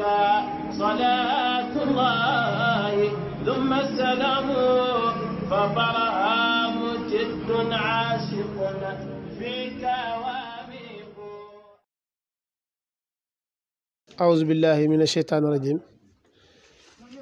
عليك صلاة الله ثم السلام فطرها مجد عاشق فيك واميق أعوذ بالله من الشيطان الرجيم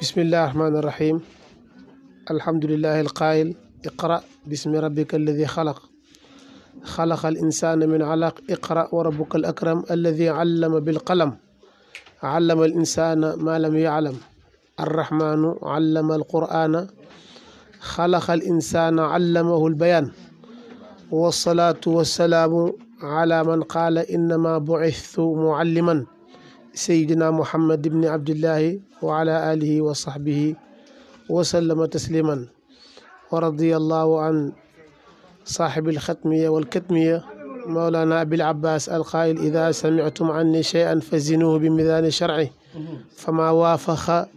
بسم الله الرحمن الرحيم الحمد لله القائل اقرأ باسم ربك الذي خلق خلق الإنسان من علق اقرأ وربك الأكرم الذي علم بالقلم allama al insaana maa lam yaalam arrahmaanu allama al qur'aana xalaqa al insaana allamahu al bayaan wasalaatu wasalaamu ala man qaala innama bucistu mualliman sayidina muhammad ibni abdillahi wa ala alihi wa sahbihi wa sallama tasliman wa radiya allahu an saaxibi alxatmiya walkatmiya مولانا أبي العباس القائل إذا سمعتم عني شيئا فزنوه بميزان شرعه فما وافق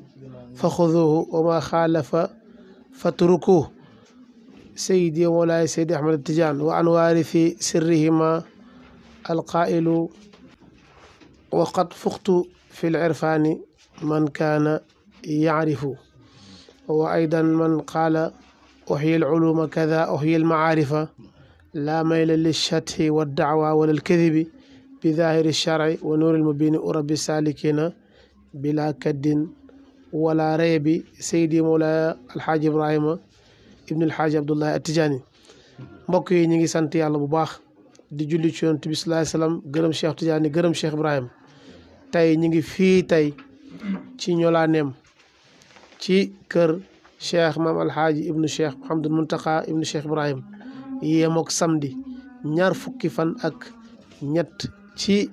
فخذوه وما خالف فاتركوه سيدي مولاي سيدي أحمد التجان وعن وارث سرهما القائل وقد فقت في العرفان من كان يعرف وأيضا من قال أحيي العلوم كذا أحيي المعارف laa mayla li shathi wa daawa wala alkadibi bi zahiri lcharci wa nuuril mubini urabi salikina bila kaddin wala reebi saydi mawla alxaaji ibrahima ibnu alxaaji abdullahi atijaani mbokk yi ñu ngi sant yàlla bu baax di julli ci yonent bi salaai salaam gërëm cheikh tijaani gërëm cheikh ibrahima tey ñu ngi fii tey ci ñolaaneem ci kër cheikh maam alxaaji ibnu cheikh mahamadul muntaqa ibnu cheikh ibrahima yemook samdi ñaar fukki fan ak ñett ci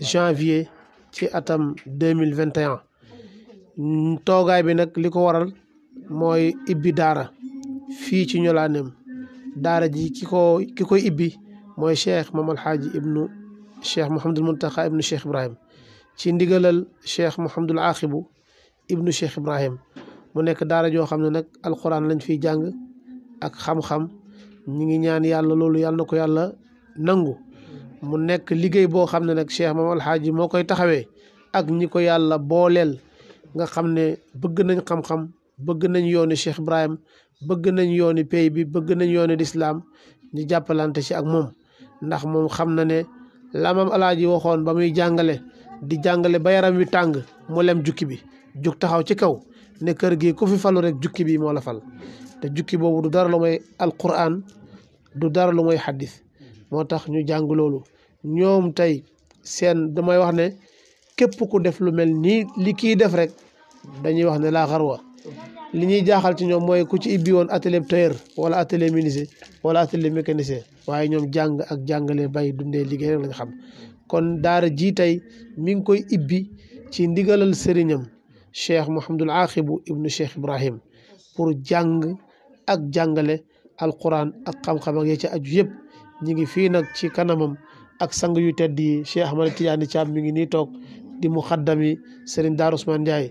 janvier ci atam deux mille vingt et toogaay bi nag li ko waral mooy ibbi daara fii ci ñolaaneem daara ji ki ko ki koy ibbi mooy cheikh maam alxaaji ibnu cheikh mouhamadul muntaxa ibnu cheikh ibrahim ci ndigalal cheikh mouhamadul aaxibu ibnu cheikh ibrahim mu nekk daara joo xam ne nag alquran lañ fi jàng ak xam-xam ñi ngi ñaan yàlla loolu yàlla na ko yàlla nangu mu nekk liggéey boo xam ne nag Cheikh Mamadou Alhaaji moo koy taxawee ak ñi ko yàlla booleel nga xam ne bëgg nañ xam-xam bëgg nañ yooni Cheikh Ibrahim bëgg nañ yooni pay bi bëgg nañ yooni lislaam ñu jàppalante ci ak moom ndax moom xam na ne lamam yi waxoon ba muy jàngale di jàngale ba yaram wi tàng mu lem jukki bi jug taxaw ci kaw ne kër gi ku fi falu rek jukki bi moo la fal te jukki boobu du dara lu mooy alquran du dara lu mooy xaddis moo tax ñu jàng loolu ñoom tey seen damay wax ne képp ku def lu mel nii li kii def rek dañuy wax ne laa xarwa li ñuy jaaxal ci ñoom mooy ku ci ibbi woon atelier tailleur wala atelier menuisier wala atelier mécanicien waaye ñoom jàng ak jàngale bay dundee liggéey rek lañ xam kon daara ji tey mi ngi koy ibbi ci ndigalal sëriñam cheikh Mouhamadul Aaxibu ibnu cheikh Ibrahim pour jàng ak jàngale alquran ak xam-xam ak ya ca aju yëpp ñi ngi fii nag ci kanamam ak sang yu tedd yi Cheikh Ahmad Tidiane Thiam mi ngi nii toog di muxaddam yi Serigne Darou Ousmane Ndiaye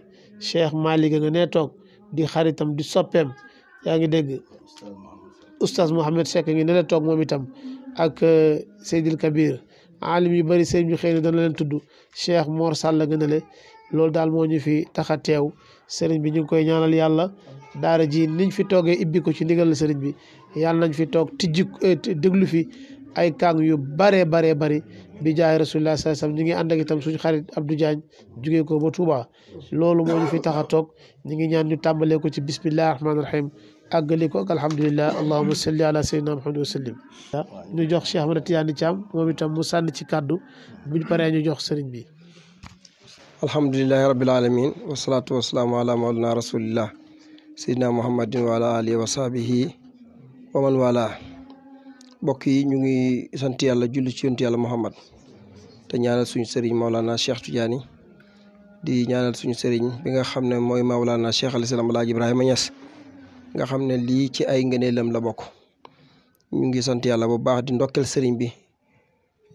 Cheikh Malick nga nee toog di xaritam di soppeem yaa ngi dégg oustaz Mouhamed Cheikh ngi ne toog moom itam ak euh, Seydil Kabir alim yu bari sëñ bi xëy na dana leen tudd Cheikh Mor Sall nga ne le loolu daal moo ñu fi tax a teew sëriñ bi ñu ngi koy ñaanal yàlla daar ji niñ fi toogee ibbi ko ci ndigal sëriñ bi yàlla nañ fi toog tijji eh, déglu fi ay kàng yu baree bare bari bi jaay rasulullah sallallahu alayhi wasallam ñu ngi ànd ak itam suñu xarit Abdou Diagne ko ba tuuba loolu moo ñu fi tax a toog ñu ngi ñaan ñu tàmbalee ko ci bismillahi rahmaani rahim àggali ko ak alhamdulilah allahuma ñu jox Cheikh Ahmad Tidiane Thiam moom itam mu sànni ci kàddu buñ paree ñu jox sëriñ bi alhamdulilahi rabbil alamin wasalaatu wasalaamu ala mawlana rasulillah seydina muhammadin wa ala alihi wa sahbihi wa wala mbokk yi ñu ngi sant yàlla julli ci yonent muhammad te ñaanal suñu sëriñ maolana cheikh Tidiane di ñaanal suñu sëriñ bi nga xam ne mooy maolana cheikh al islam alaaji ibrahima Niass nga xam ne lii ci ay ngëneelam la bokk ñu ngi sant yàlla bu baax di ndokkel sëriñ bi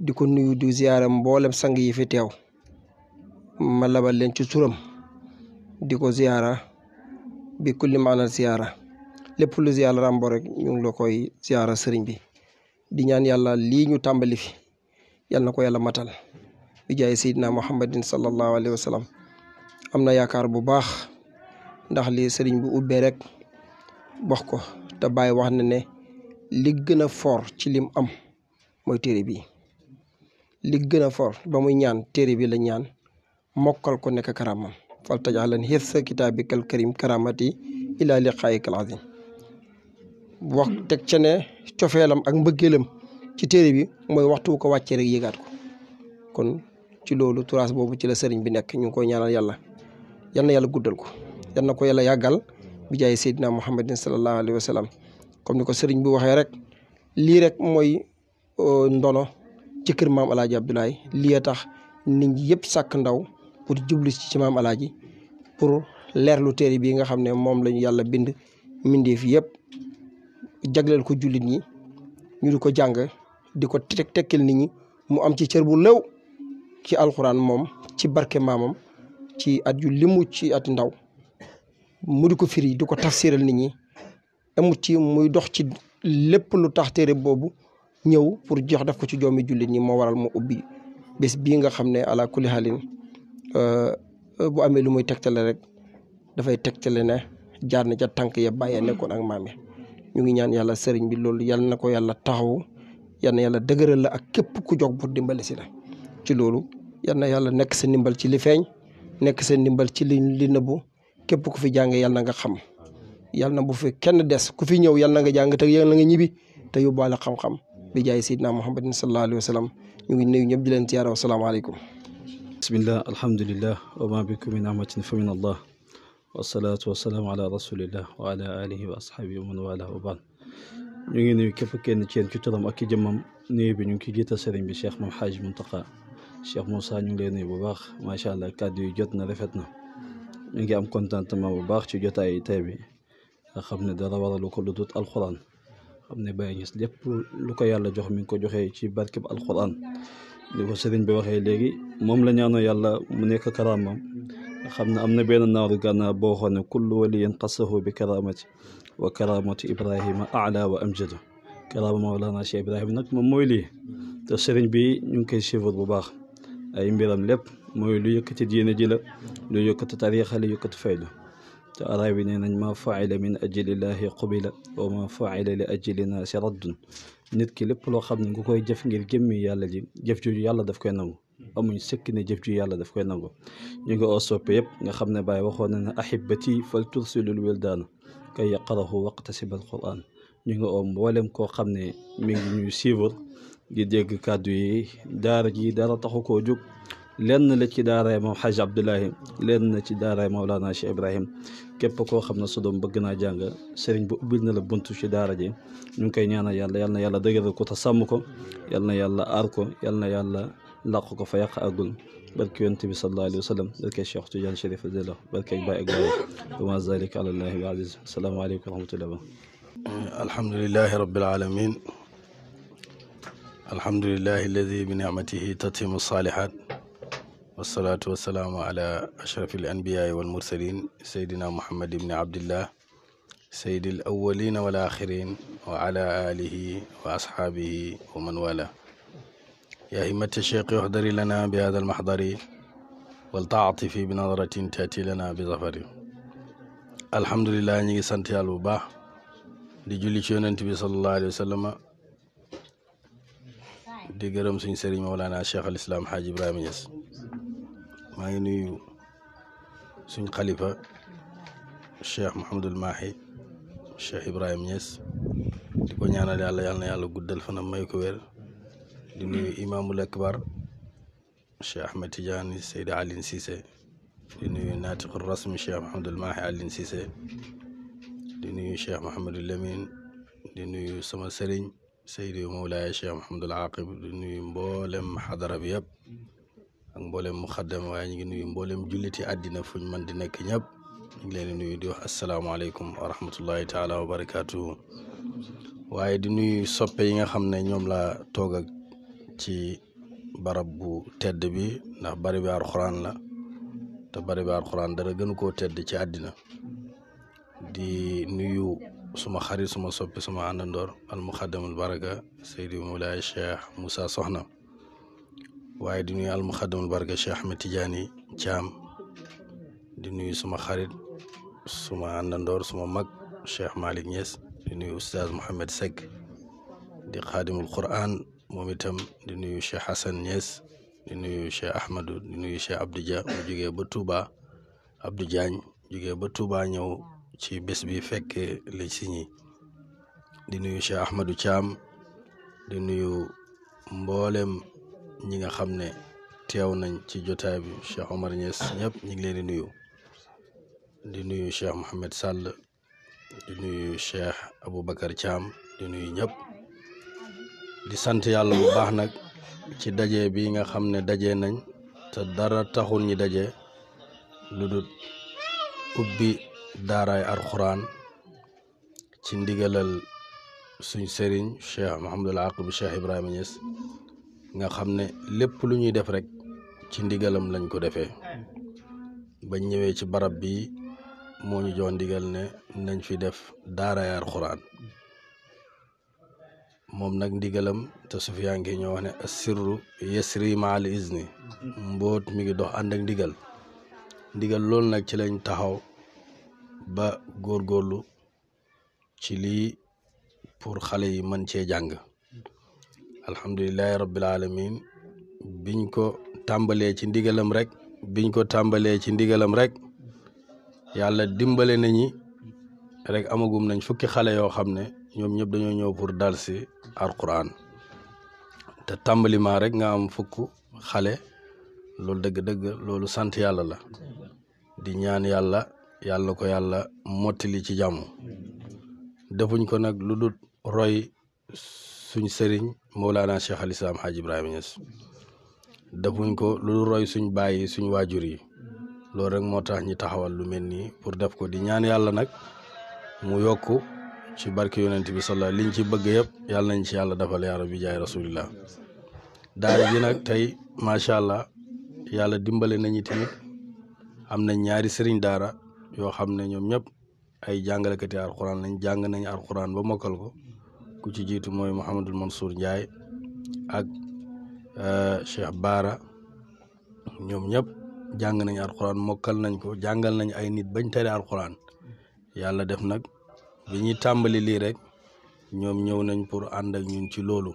di ko nuyu di ziyaaram mboolem sang yi fi teew ma labal leen ci turam di bi kulli maanaam ziyaara lépp lu ziyaara ràmboo rek ñu ngi koy ziyaara sëriñ bi di ñaan yàlla lii ñu tàmbali fi yàlla na ko yàlla matal bi jaay sayidina muhammadin sallallahu alayhi wa sallam am na yaakaar bu baax ndax li sëriñ bu ubbee rek wax ko te bàyyi wax na ne li gën a foor ci lim am mooy téere bi li gën a foor ba muy ñaan téere bi la ñaan mokkal ko nekk karamam fal tajaalan xirsa kitaabikal karim karamati ila liqaayikal azim wax teg ca ne cofeelam ak mbëggeelam ci téere bi mooy waxtu ko wàccee rek yëgaat ko kon ci loolu turaas boobu ci la sëriñ bi nekk ñu ngi koy ñaanal yàlla yal na yàlla guddal ko yal na ko yàlla yàggal bi jaay seydina muhammadin sallallahu alayhi wa sallam comme ni ko sëriñ bi waxee rek lii rek mooy euh, ndono ci kër maam alaaji abdoulaye tax nit ñi yëpp sàkk ndaw pour jubli ci ci maam alaaji pour leerlu téere bii nga xam ne moom lañu yàlla bind mbindeef yëpp jagleel ko jullit ñi ñu di ko jàng di ko tek tekkil nit ñi mu am ci cër bu lew ci alxuraan moom ci barke maamam ci at yu limu ci at ndaw mu di ko firi di ko tafsiral ni ñi amu ci muy dox ci lépp lu tax téere boobu ñëw pour jox def ko ci joomi jullit ñi moo waral mu ubbi bés bii nga xam ne ala kulli bu amee lu muy tegtale rek dafay tegtale ne jaar na ca tànk ya bàyyi nekkoon ak maam ya ñu ngi ñaan yàlla sëriñ bi loolu yal na ko yàlla taxaw yal na yàlla dëgëral la ak képp ku jog pour dimbale si la ci loolu yal yàlla nekk sa dimbal ci li feeñ nekk sa dimbal ci li li nëbbu képp ku fi jàng yal na nga xam yal na bu fi kenn des ku fi ñëw yal na nga jàng te yal na nga ñibbi te yóbbaale xam-xam bi jaay Seydina Muhammadin sallallahu alayhi wa sallam ñu ngi nuyu ñëpp di leen ziyaara wa salaamaaleykum bismillah alhamdulillah wa ma bikum min ni'matin fa min allah wasalaatu wasalaamu ala rasulillah wa ala alihi wa asxaabihi wa man wala wa baan ñu ngi nuyu képp kenn ci yéen ci turam ak ci jëmmam nuyu bi ñu ngi ciy jiital sëriñ bi cheikh mam xaaj muntaqa cheikh Moussa ñu ngi lay nuyu bu baax macha allah kàddu yi jot na rafet na ñu ngi am contentement bu baax ci jotaay tey bi nga xam ne dara waralu ko lu dut alquran xam ne bàyyi ñes lépp lu ko yàlla jox mi ngi ko joxee ci barkeb alquran li ko sëriñ bi waxee léegi moom la ñaanoo yàlla mu nekk karaamam xam ne am na benn naaru gànnaar boo xam ne kullu waliyin xassahu bi karaamati wa karaamatu ibrahima ala wa amjadu karaama mawlana cheikh ibrahima nag moom mooy lii te bi ñu ngi koy suivre bu baax ay mbiram lépp mooy lu yëkkati diine ji la lu yëkkati tariixa la yëkkati faydu te araab yi nee nañ ma faala min ajlillaahi qubila wa ma faala li ajli naasi raddun nit ki lépp loo xam ne nga koy jëf ngir jëmmi yàlla ji jëf ju yàlla daf koy nangu amuñ sëkk ne jëf ju yàlla daf koy nangu ñu ngi oo soppe yëpp nga xam ne Baay waxoon na ne ahibati fal tursilul wildaana kay yaqarahu waqtasib al quran ñu ngi oo mboolem koo xam ne mi ngi ñuy di dégg kàddu yi daara ji dara taxu koo jóg lenn la ci daaray moom Hadj Abdoulahi lenn la ci daaray Mawlana Cheikh Ibrahim képp koo xam na sa doom bëgg naa jàng sëriñ bu ubbil na la buntu ci daara ji ñu ngi koy ñaanal yàlla yal na yàlla dëgëral ko te sàmm ko yal na yàlla aar ko yal na yàlla ko fa yàq àggul barke yonent bi sallallahu alayhi wa barke Cheikh Tidiane Chérif Adela barke wa ma zalika ala llahi bi aziz asalaamu aleykum wa rahmatullah alhamdulilahi rabbil alamin alhamdulilahi alladi bi nicmatihi wasalaatu wasalaamu ala ashrafil anbiyaai wal mursalin saydina muhammad ibni abdillah saydil awalina wal axirin wa ala alihi wa ashaabihi wa man wala yaa himmata cheikh uxdari lana bi hada almaxdari waltaatifi bi nadratin taati lana bi zafari alhamdulilah ñi ngi sant yàlla bu baax di julli ci yonent bi sallallahu alayhi wa sallam di gërëm suñ sëriñ mawlaana cheikh al islam xaaj ibrahima ñas maa ngi nuyu suñ xalifa cheikh Mouhamadul Mahi cheikh Ibrahim Niass di ko ñaanal yàlla yàlla na yàlla guddal fanam may ko wér di nuyu imaamul akbar cheikh Ahmed Tidiane Seydi Aline Cissé di nuyu naatiqul rasmi cheikh Mouhamadul Mahi Aline Cissé di nuyu cheikh Mouhamadul Lamine di nuyu sama sëriñ Seydi Mawlaaya cheikh Mouhamadul Aqib di nuyu mboolem xadara bi yëpp. ak mboolem muxaddam waaye ñu ngi nuyu mboolem julliti àddina fuñ man di nekk ñëpp ñu ngi leen nuyu di wax asalaamaaleykum wa rahmatullahi taala wa barakaatuhu waaye di nuyu soppe yi nga xam ne ñoom laa toog ak ci barab bu tedd bi ndax bari bi alxuraan la te bari bi alxuraan dara gënu koo tedd ci addina di nuyu suma xarit suma soppe suma àndandoor al muxaddamul baraka Seydi Moulaay Cheikh Moussa waaye di nuyu almuxadamul barka Cheikh Ahmed Tidiane Thiam di nuyu suma xarit suma àndandoor suma mag Cheikh Malick Niass di nuyu oustaz Mouhamed Seck di xaadimul Qur'an moom itam di nuyu Cheikh Hassan Niass di nuyu Cheikh Ahmadou di nuyu Cheikh Abdou Dia mu jógee ba Touba Abdou Diagne ci bés bi fekk li si ñi di nuyu Cheikh Ahmadou Thiam di nuyu mboolem. ñi nga xam ne teew nañ ci jotaay bi Cheikh Omar Niass ñëpp ñu ngi leen di nuyu di nuyu Cheikh Mouhamed Sall di nuyu abu Aboubacar Thiam di nuyu ñëpp di sant yàlla bu baax nag ci daje bi nga xam ne daje nañ te dara taxul ñi daje lu du ubbi daaraay alxuraan ci ndigalal suñ sëriñ Cheikh Mouhamadul Aqib sheikh Ibrahima Niass nga xam ne lépp lu ñuy def rek ci ndigalam lañ ko defee bañ ñëwee ci barab bi moo ñu jox ndigal ne nañ fi def daaray alxuraan moom nag ndigalam te sufiyaan ki ñoo wax ne assirru yasri maal izni mbóot mi ngi dox ànd ak ndigal ndigal loolu nag ci lañ taxaw ba góorgóorlu ci lii pour xale yi mën cee jàng alhamdulilahi rabbil alamin biñ ko tàmbalee ci ndigalam rek biñ ko tàmbalee ci ndigalam rek yàlla dimbale nañi rek amagum nañ fukki xale yoo xam ne ñoom ñëpp dañoo ñëw pour dal si alquran te tàmbaliment rek nga am fukk xale loolu dëgg-dëgg loolu sant yàlla la di ñaan yàlla yàlla ko yàlla mottili ci jàmm defuñ ko nag lu dul roy suñ sëriñ Mawlana Cheikh al Islam Hadj Ibrahima Niass defuñ ko lu roy suñ bàyyi suñ waajur yi loolu rek moo tax ñi taxawal lu mel nii pour def ko di ñaan yàlla nag mu yokk ci barke yonent bi sallallaahu liñ ci bëgg yëpp yàlla nañ ci yàlla defal yaa rabbi jaay rasulillah daara ji nag tey macha allah yàlla dimbale nañu tamit am na ñaari sëriñ daara yoo xam ne ñoom ñëpp ay jàngalekati alxuraan lañ jàng nañ alxuraan ba mokkal ko ku ci jiitu mooy Mouhamadul Mansour Ndiaye ak euh, Cheikh Baara ñoom ñëpp jàng nañ alxuraan mokkal nañ ko jàngal nañ ay nit bañ tere alxuraan yàlla def nag bi ñuy tàmbali lii rek ñoom ñëw nañ pour ànd ak ñun ci loolu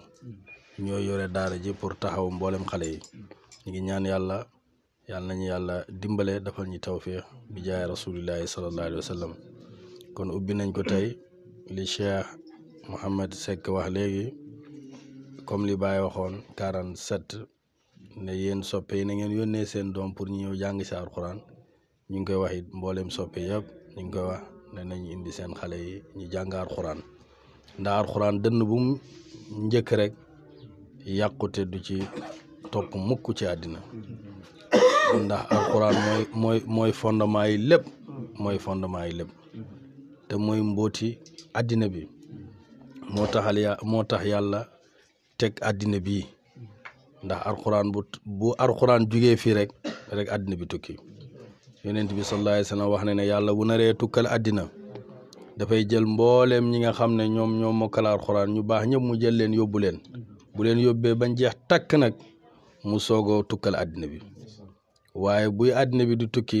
ñoo yore daara ji pour taxaw mboolem xale yi ñu ngi ñaan yàlla yàlla nañu yàlla dimbale dafal ñu tawfiix bi rasulillahi sallallahu alayhi kon ubbi nañ ko tey li Cheikh Mouhamed Seck wax léegi comme li Baye waxoon quarante sept ne yéen soppe yi na ngeen yónnee seen doom pour ñu ñëw jàng si alxuraan ñu ngi koy wax it mbooleem soppe yëpp ñu ngi koy wax ne nañ indi seen xale yi ñu jàng alxuraan ndax alxuraan dënn bu mu njëkk rek yàqute du ci topp mukk ci àddina ndax alxuraan mooy mooy mooy fondement yi lépp mooy fondement yi lépp mooy mbóoti àddina bi moo taxal ya moo tax yàlla teg àddina bi ndax alxuraan bu bu alxuraan jugee fii rek rek àddina bi tukki yonent bi sallallahu alayhi wa wax ne ne yàlla bu naree tukkal àddina dafay jël mboolem ñi nga xam ne ñoom ñoom mokkal alxuraan ñu baax ñëpp mu jël leen yóbbu leen bu leen yóbbee bañ jeex takk nag mu soogoo tukkal àddina bi waaye buy àddina bi du tukki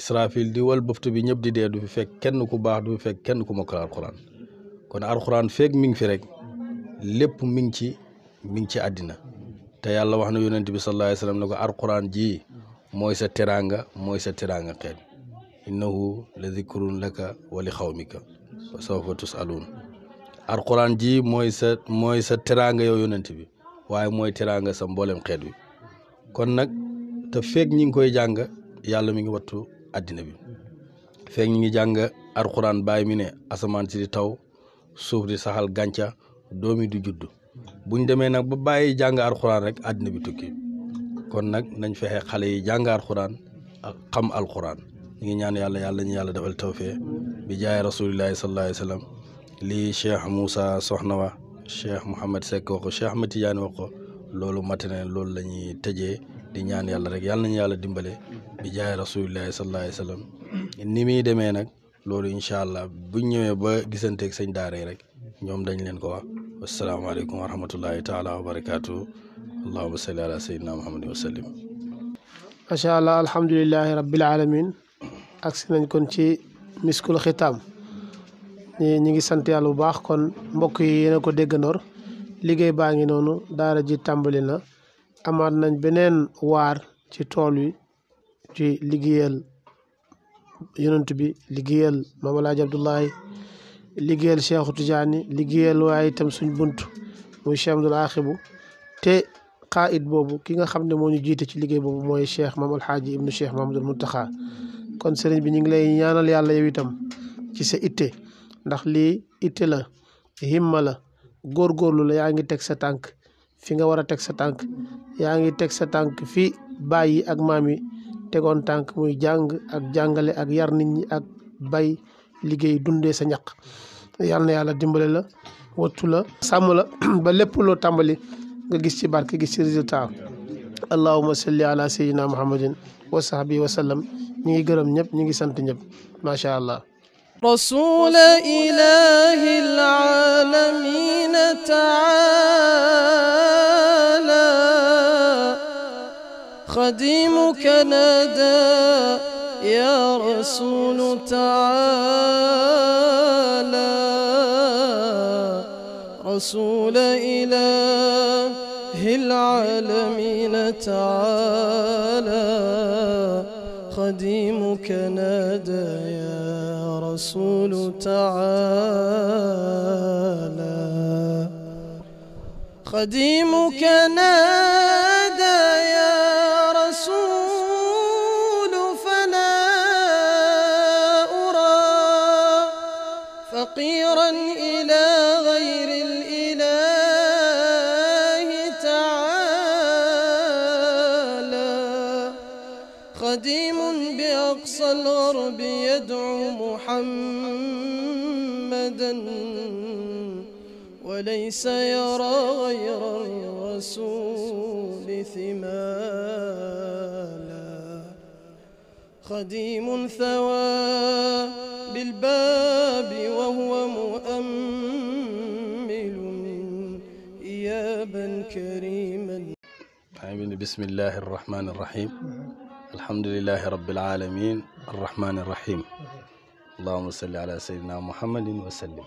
israfil di wal bëftu bi ñëpp di dee du fi fekk kenn ku baax du fi fekk kenn ku mokkal alxuraan kon alxuraan feeg mi ngi fi rek lépp mi ngi ci mi ngi ci àddina te yàlla wax na yonent bi sallallahu alayhi wasallam ne ko alxuraan ji mooy sa teraanga mooy sa teraanga xeet innahu la dikrun laka wa li xawmika wa sawfa tusaluun alxuraan ji mooy sa mooy sa teraanga yow yonent bi waaye mooy teraanga sa mboolem xeet bi kon nag te feeg ñi ngi koy jàng yàlla mi ngi wattu àddina bi feeg ñi ngi jàng alxuraan baay mi ne asamaan si taw suuf di saxal gàncax doom yi di bu ñu demee nag ba bàyyi jàng alxuraan rek àddina bi tukki kon nag nañ fexe xale yi jàng alxuraan ak xam alxuraan ñu ngi ñaan yàlla yàlla ñu yàlla defal tawfee bi jaay rasulillahi sallallahu alayhi wa lii cheikh Moussa Soxna wa cheikh Mouhamed Seck wax ko cheikh Ahmed Tidiane loolu matane loolu la ñuy tëjee di ñaan yàlla rek yàlla nañu yàlla dimbale bi jaay rasulillahi sallallahu alayhi demee nag. loolu incha allah buñ ñëwee ba gisanteeg sëñ daara yi rek ñoom dañ leen ko wax wasalaamaaleykum wa rahmatullahi taala wa barakaatu allahuma salli ala sayyidina muhammadin wa sallim allah alhamdulilahi rabbil alamin agsi nañ kon ci miskul xitaam ñi ñi ngi sant yàlla bu baax kon mbokk yi yéen ko déggandoor liggéey baa ngi noonu daara ji tàmbali na amaat nañ beneen waar ci tool wi ci liggéeyal yonent bi liggéeyal maam alaaji abdullahi liggéeyal cheikhu tijaani liggéeyal waaye itam suñ bunt muy cheikh abdul aaxibu te it boobu ki nga xam ne moo ñu jiite ci liggéey boobu mooy cheikh maam alxaaji ibnu cheikh mahamadul muntaxa kon sëriñ bi ñu ngi lay ñaanal yàlla yow itam ci sa itte ndax lii itte la himma la góorgóorlu la yaa ngi teg sa tànk fi nga war a teg sa tànk yaa ngi teg sa tànk fi bàyyi ak maam yi tegoon tànk muy jàng ak jàngale ak yar nit ñi ak bay liggéey dundee sa ñaq yal na yàlla dimbale la wattu la sàmm la ba lépp loo tàmbali nga gis ci barke gis ci résultat allahuma salli ala sayyidina muhammadin wa sahbihi wa sallam ñi ngi gërëm ñëpp ñi ngi sant ñëpp macha allah رسول إله العالمين تعالى قديمك نادى يا رسول تعالى رسول إله العالمين تعالى قديمك نادى يا رسول تعالى قديمك نادى محمدا وليس يرى غير الرسول ثمالا خديم ثوى بالباب وهو مؤمل إيابا كريما آمين بسم الله الرحمن الرحيم الحمد لله رب العالمين الرحمن الرحيم allahuma salli ala sayyidina muhammadin wa sallim